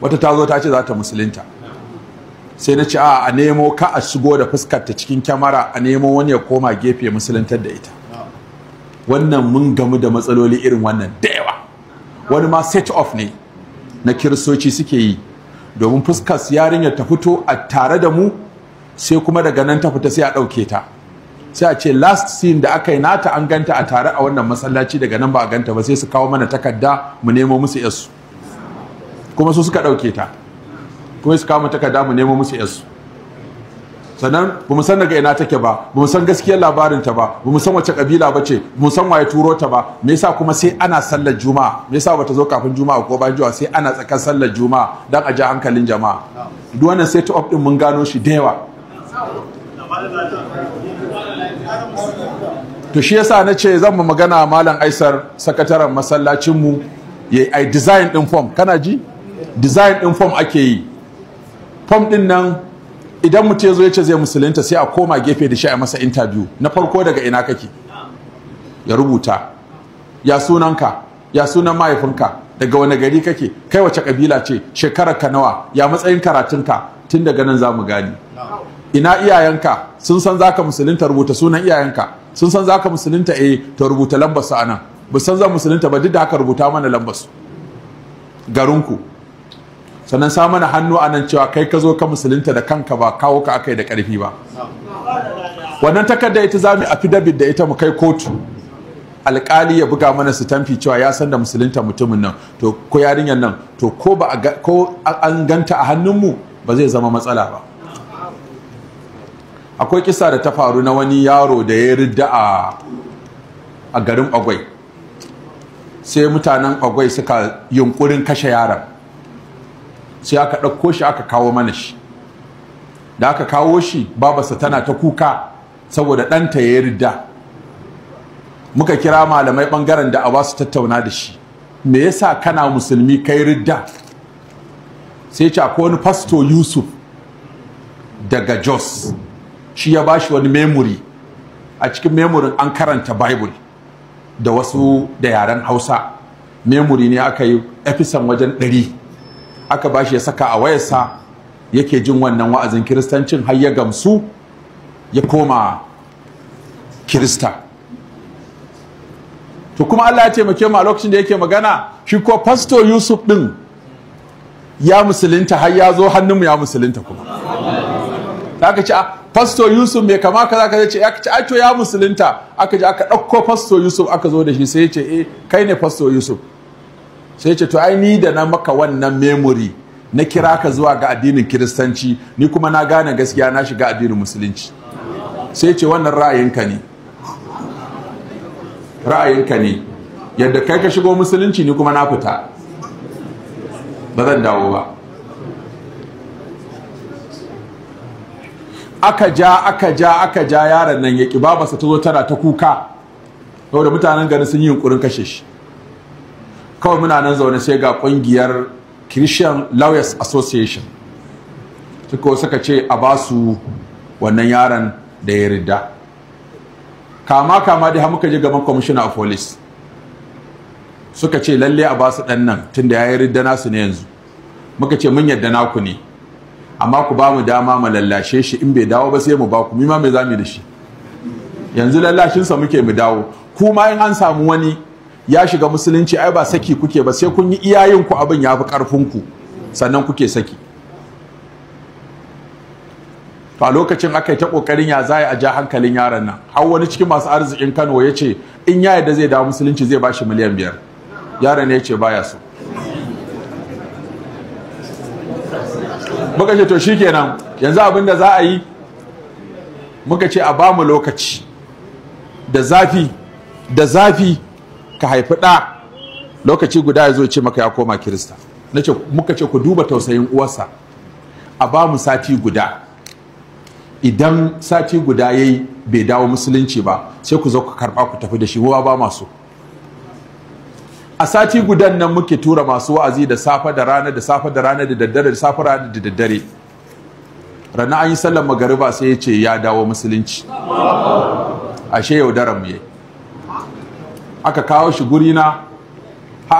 wata ta zo ta ce za ta musulunta sai na ce a nemo ka a shigo da fuskar ta cikin kyamara a nemo wani ya koma gefe musuluntar da ita wannan mun gamu da matsaloli irin wannan da yawa wani ma set off ne na kirsoci suke yi domin fuskar yarinyar ta fito a tare da mu sai kuma daga nan tafita fita sai a ɗauke ta sai a ce last scene da aka yi nata an ganta a tare a wannan masallaci daga nan ba a ganta ba sai su kawo mana takarda mu nemo musu yasu kuma su suka ɗauke ta kuma su kama takarda mu nemo musu yasu sannan ba mu san daga ina take ba ba mu san gaskiyar labarin ta ba ba mu san wace kabila ba ce mu san waye turo ta ba me yasa kuma sai ana sallar juma'a me yasa bata zo kafin juma'a ko bayan juma'a sai ana tsakan sallar juma'a dan a ji hankalin jama'a duk wannan set up din mun gano shi da yawa to shi yasa na ce zan mu magana malam Aisar sakataren masallacin mu yayi design din form kana ji design din form ake yi form din nan idan mutum zo ya ce zai musulunta sai a koma gefe da shi a masa interview na farko daga ina kake ya rubuta ya sunanka ya sunan mahaifinka daga wani gari kake kai wace kabila ce shekarar ka nawa ya matsayin karatunka tun daga nan za mu gani ina iyayenka sun san zaka musulunta rubuta sunan iyayenka sun san zaka musulunta eh to rubuta lambar su anan ba san zan musulunta ba duk da haka rubuta mana lambar su garinku sannan sa mana hannu a nan cewa kai ka zo ka musulunta da kanka ba kawo ka aka yi da ƙarfi ba wannan takarda ita za mu affidavit da ita mu kai kotu alƙali ya buga mana su tamfi cewa ya san da musulunta mutumin nan to ko yarinyar nan to ko ba ko an ganta a hannunmu ba zai zama matsala ba akwai kisa da ta faru na wani yaro da ya ridda a a garin agwai sai mutanen agwai suka yunkurin kashe yaron sai aka ɗauko shi aka kawo mana shi da aka kawo shi babarsa tana ta kuka saboda ɗanta ya ridda. muka kira malamai ɓangaren da a ba su tattauna da shi me yasa kana musulmi kai ridda sai ce akwai wani fasto yusuf daga jos shi ya ba shi wani memori a cikin memorin an karanta bible da wasu da yaren hausa memori ne aka yi efisan wajen ɗari aka ba shi ya saka a wayarsa yake jin wannan wa'azin kiristancin har ya gamsu ya koma kirista to kuma Allah ya taimake mu a lokacin da yake magana shi ko pastor Yusuf din ya musulunta har ya zo hannunmu ya musulunta kuma aka ce ah, pastor Yusuf mai kama kaza kaza ce aka ce a to ya musulunta aka je aka ɗauko pastor Yusuf aka zo da shi sai ya ce eh kai ne pastor Yusuf sai ce to ai ni da na maka wannan memory na kira ka zuwa ga addinin kiristanci ni kuma na gane gaskiya na shiga addinin musulunci sai ce wannan ra'ayinka ne ra'ayinka ne yadda kai ka shigo musulunci ni kuma na fita ba zan dawo ba aka ja aka ja aka ja yaron nan ya ƙi babarsa ta zo tana ta kuka saboda mutanen gani sun yi yunkurin kashe shi kawai muna nan zaune sai ga kungiyar Christian Lawyers Association suka suka ce a ba su wannan yaron da ya rida kama kama dai muka je gaban commissioner of police suka ce lalle a ba su dan nan tunda ya yi rida nasu ne yanzu muka ce mun yadda naku ne amma ku ba mu dama mu lallashe shi in bai dawo ba sai mu ba ku mima mai zamu da shi yanzu lallashinsa muke mu dawo kuma in an samu wani ya shiga musulunci ai ba saki kuke ba sai kun yi iyayen ku abin ya fi ku sannan kuke saki Ba lokacin aka yi ta kokarin ya zai a ja hankalin yaron nan har wani cikin masu arzikin kano ya ce in ya yadda zai dawo musulunci zai ba shi miliyan biyar yaron ya ce baya so muka ce to shikenan yanzu abin da za a yi muka ce a ba mu lokaci da zafi da zafi ka haifi ɗa lokaci guda ya zo ce maka ya koma kirista ce muka ce ku duba tausayin uwarsa a ba mu sati guda idan sati guda yi bai dawo musulunci ba sai ku zo ku karɓa ku tafi da shi wa ba masu a sati gudan nan muke tura masu wa'azi da safa da rana da safa da rana da daddare da safa rana da daddare rana an yi sallar magariba sai ya ce ya dawo musulunci ashe yaudaran mu yayi aka kawo shi guri na har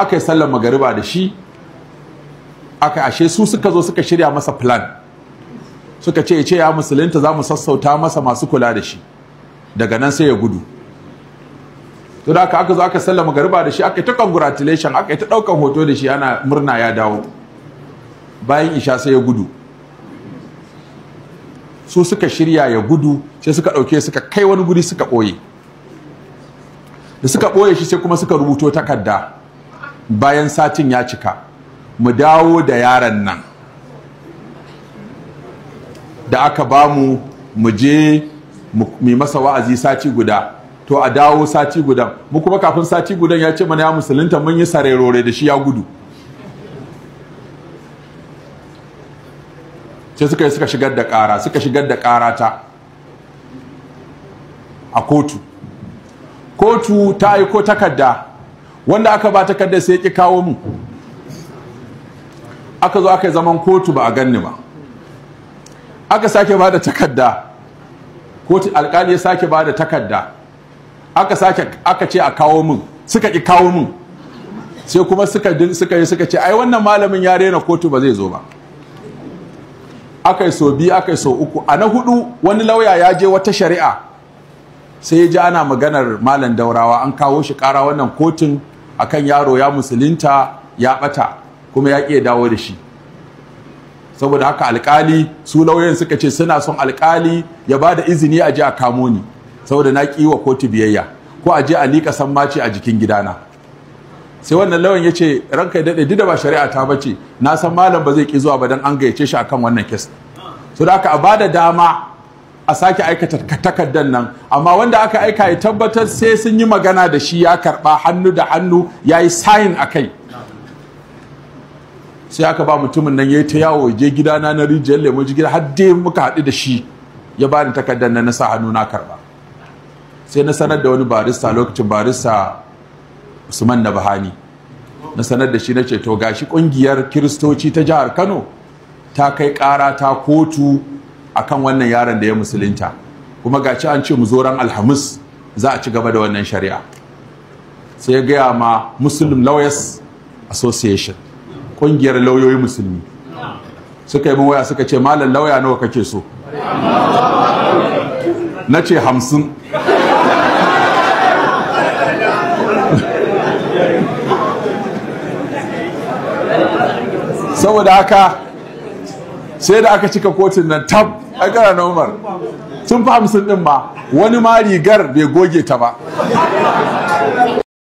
aka yi sallar magariba da shi aka ashe su suka zo suka shirya masa plan suka ce ce ya musulunta za mu sassauta masa masu kula da shi daga nan sai ya gudu to da aka zo aka sallama magariba da shi aka ta congratulation aka ta daukan hoto da shi ana murna ya dawo bayan isha sai ya gudu su suka shirya ya gudu sai suka dauke suka kai wani guri suka ɓoye. da suka ɓoye shi sai kuma suka rubuto takarda bayan satin ya cika mu dawo da yaran nan da aka ba mu mu je mu masa wa'azi sati guda to a dawo sati guda mu kuma kafin sati gudan ya ce mana ya musulunta mun yi sarerore da shi ya gudu sai suka yi suka shigar da ƙara suka shigar da kara ta a kotu kotu ta ko takarda wanda aka ba takarda sai ki kawo mu aka zo aka yi zaman kotu ba a ganni ba aka sake ba da takarda kotu alkali ya sake ba da takarda aka sake aka ce a kawo min suka ki kawo min sai kuma suka din suka yi suka ce ai wannan malamin ya rena kotu ba zai zo ba aka yi so biyu aka yi so uku a na hudu wani lauya ya je wata shari'a sai ya ji ana maganar malam daurawa an kawo shi kara wannan kotun akan yaro ya musulunta ya bata kuma ya ƙi dawo da shi saboda haka alkali su lauyan suka ce suna son alkali ya ba da izini a je a kamo ni saboda na ƙi wa kotu biyayya ko a je a liƙa sammaci a jikin gidana sai wannan lawan ya ce ranka daɗe duk da ba shari'a ta bace na san malam ba zai ki zuwa ba dan an gayyace shi akan wannan kes so da haka a ba da dama a sake aikata takardar nan amma wanda aka aika ya tabbatar sai sun yi magana da shi ya karba hannu da hannu ya yi sayin a kai sai aka ba mutumin nan ya yi ta yawo je gidana na rijiyar lemo gida har dai muka haɗu da shi ya bani takardar nan na sa hannu na karba sai na sanar da wani barista lokacin barista usman na bahani na sanar da shi na ce to gashi kungiyar kiristoci ta jihar kano ta kai kara ta kotu akan wannan yaron da ya musulunta kuma gaci an ce mu zo ran alhamis za a ci gaba da wannan shari'a sai ya gaya ma muslim lawyers association kungiyar lauyoyi musulmi suka yi min waya suka ce malam lauya nawa kake so na ce hamsin saboda haka sai da aka cika kotun nan tab ai kana na umar sun fi hamsin din ma wani ma rigar bai goge ta ba